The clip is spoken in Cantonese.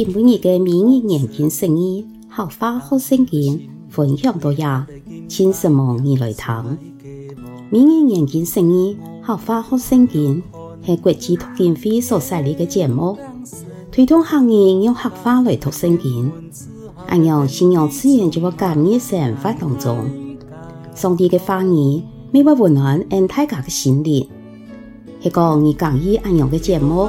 聽每月嘅每研好好，客話學聖經，分享到呀，請收望你來聽。每研，客話學聖經，係國際讀經會所設立嘅節目，推動客家人用客話來讀聖經，啊樣信仰自然，就會融入生活當中，上帝嘅話語，每晚溫暖，按大家嘅心靈，係講你中意啊樣嘅節目。